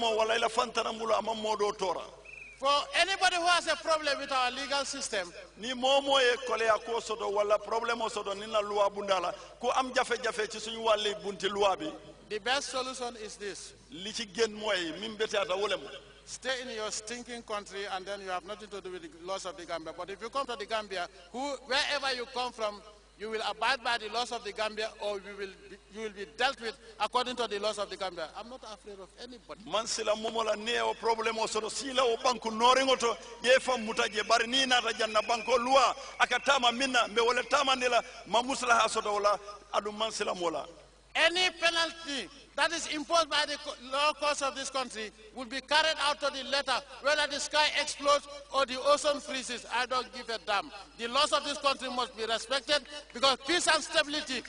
for anybody who has a problem with our legal system the best solution is this stay in your stinking country and then you have nothing to do with the laws of the Gambia. But if you come to the Gambia, who, wherever you come from, You will abide by the laws of the Gambia or you will be, you will be dealt with according to the laws of the Gambia. I'm not afraid of anybody. Man sila momola ne o problem o soro sila o banku noringoto to fam mutaje bari ni na janna banko luwa akatama minna me wala tama nila mamusla hasodola adu man sila mola. Any penalty that is imposed by the law courts of this country will be carried out to the letter, whether the sky explodes or the ocean freezes. I don't give a damn. The laws of this country must be respected because peace and stability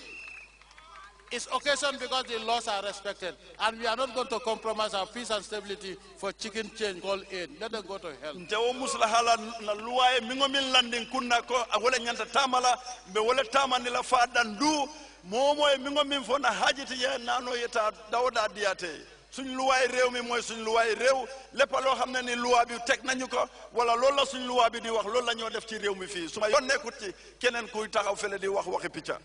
is occasioned because the laws are respected. And we are not going to compromise our peace and stability for chicken change called aid. Let them go to hell. landing moomo e mingo min fof na haajiti yee naano yetta dawɗa diyate suñ luwaay réew mi mooy suñ luwaay réew léppa loo xam ne ni luwaa teg nañu ko wala loolu la suñ luwaa bi di wax loolu la ñoo def ci réew mi fii su ma yoon nekkut ci keneen kuy taxaw fële di wax waxi picca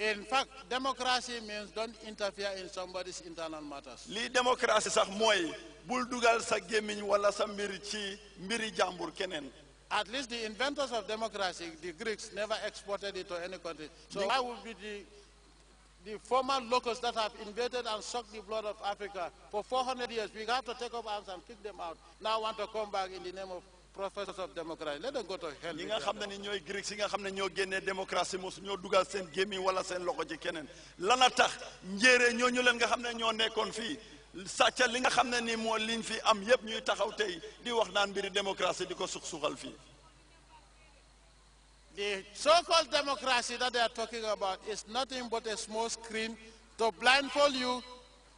In fact, democracy means don't interfere in somebody's internal matters. Li democracy sax mooy bul dugal sa gémmiñ wala sa mbiri ci mbiri jàmbur keneen At least the inventors of democracy, the Greeks, never exported it to any country. So why would be the, the former locals that have invaded and sucked the blood of Africa for 400 years? We have to take up arms and kick them out. Now want to come back in the name of professors of democracy. Let them go to hell. Greeks li nga ni liñ fi am yépp ñuy taxaw di wax naan mbiri démocratie The so-called democracy that they are talking about is nothing but a small screen to blindfold you,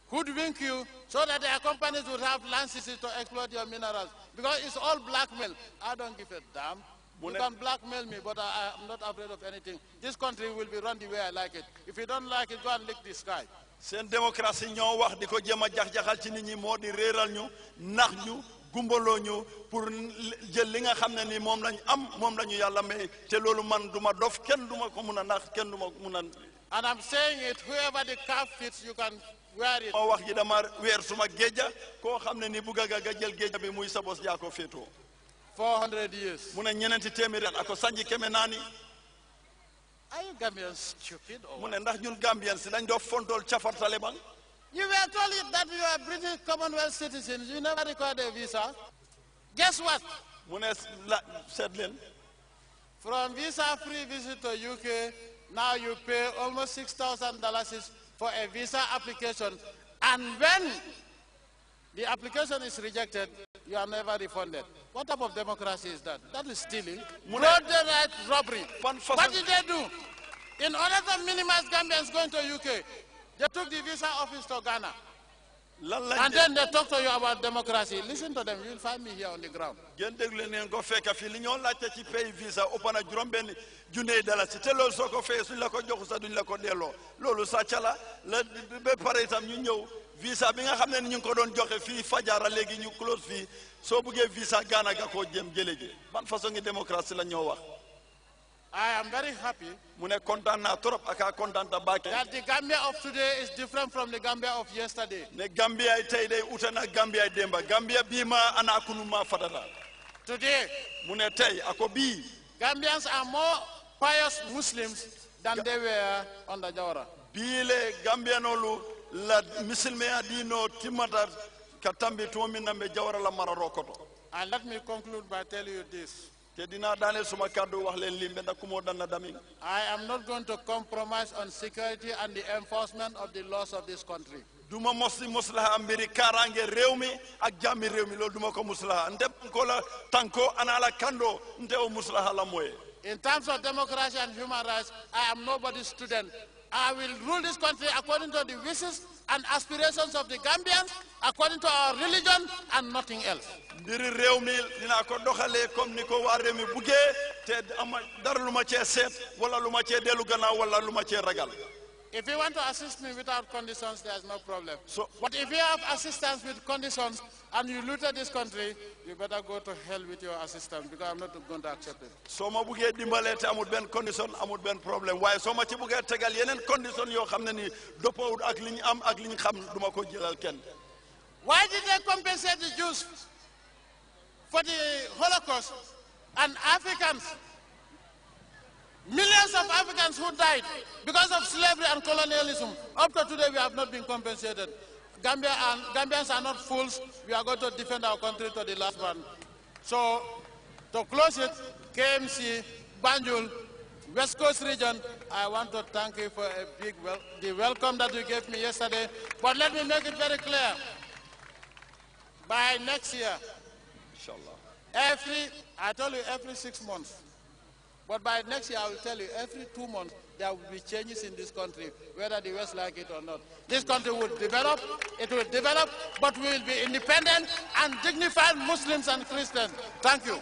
hoodwink you, so that their companies will have licenses to exploit your minerals. Because it's all blackmail. I don't give a damn. You can blackmail me, but I, am not afraid of anything. This country will be run the way I like it. If you don't like it, go and lick the sky. seen démocratie ñoo wax di ko jéem a jax-jaxal ci nit ñi moo di réeral ñu nax ñu gumbaloo ñu pour jël li nga xam ne ni moom lañ am moom la ñu yàlla may te loolu man duma dof kenn duma ko mun a nax kenn duma ko mun a and I'm saying it whoever the cap fits you can wear it moo wax ji dama weer suma géeja koo xam ne ni bu gaga ga jël géeja bi muy sa bos yaa ko féetoo 400 years mu ne ñeneenti téeméeri at ako sanji keme naani you Gambians stupid or what? You were told that you are British Commonwealth citizens. You never required a visa. Guess what? From visa-free visit to UK, now you pay almost $6,000 for a visa application. And when the application is rejected, you are never refunded. What type of democracy is that? That is stealing. Broad daylight robbery. What did they do? In order to minimize Gambians going to UK, they took the visa office to Ghana. And then they talk to you about democracy. Listen to them. You'll find me here on the ground. la ko sa duñ la ko pare ñu ñëw visa bi nga xamne ñu ko doon joxe fi fajar legi ñu close fi so buggee visa gana ga ko jëm jele ji ban façon ngi démocratie la ñoo wax I am very happy that the Gambia of today is different from the Gambia of yesterday. Ne Gambia uta na Gambia demba Gambia bima ana ma fadala. Today, ne tay akobi. Gambians are more pious Muslims than they were under Jawara. Bile Gambianolu la misilmeya dino timata ka tambi to min nambe jawra la mararo koto and let me conclude by telling you this te dina dale kaddu wax len limbe nak mo dan dami i am not going to compromise on security and the enforcement of the laws of this country duma mosli muslaha ambiri karange rewmi ak jami rewmi lol duma ko muslaha nte ko la tanko anala kando nte o muslaha la moye in terms of democracy and human rights i am nobody's I will rule this country according to the wishes and aspirations of the Gambians, according to our religion and nothing else. mbiri réew mi dinaa ko doxalee comme ni ko wa réew mi buggee te dar dara lu ma cee seet wala lu ma cee dellu gannaaw wala lu ma cee ragal. If you want to assist me without conditions, there's no problem. So, but if you have assistance with conditions and you looted this country, you better go to hell with your assistance because I'm not going to accept it. So ma bëggee dimbale te amul benn condition amul benn problème waaye so ma ci bëggee tegal yeneen condition yoo xam ne ni dëppoowul ak li am ak li ñu xam du ma ko jëlal kenn. Why did they compensate the Jews for the Holocaust and Africans? Millions of Africans who died because of slavery and colonialism. Up to today, we have not been compensated. Gambia and, Gambians are not fools. We are going to defend our country to the last one. So, to close it, KMC, Banjul, West Coast region, I want to thank you for a big wel the welcome that you gave me yesterday. But let me make it very clear. By next year, Inshallah. every, I told you, every six months, but by next year, I will tell you, every two months, there will be changes in this country, whether the West like it or not. This country will develop, it will develop, but we will be independent and dignified Muslims and Christians. Thank you.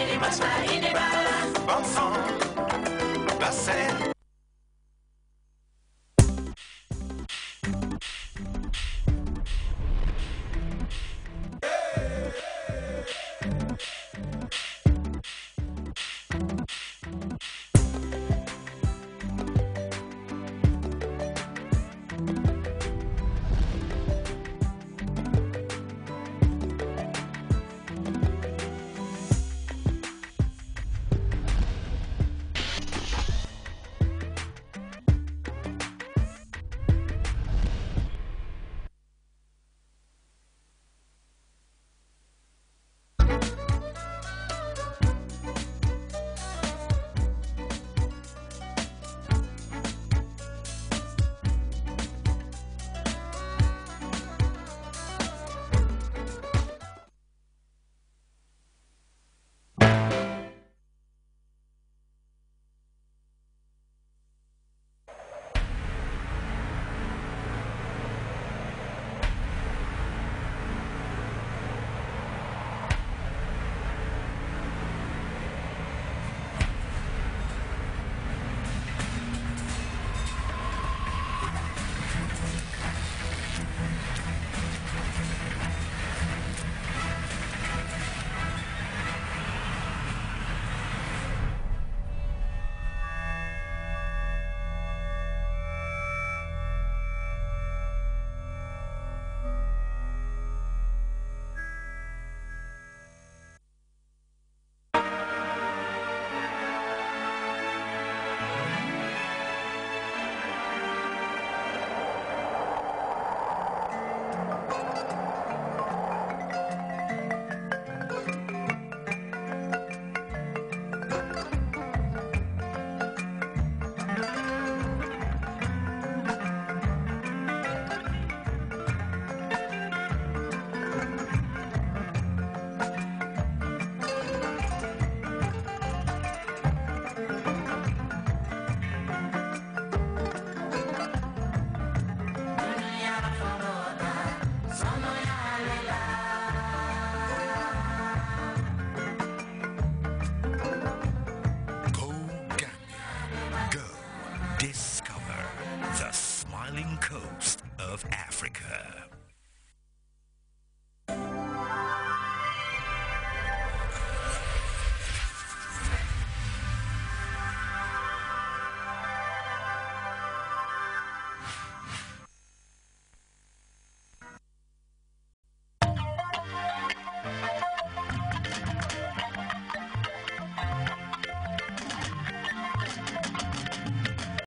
family was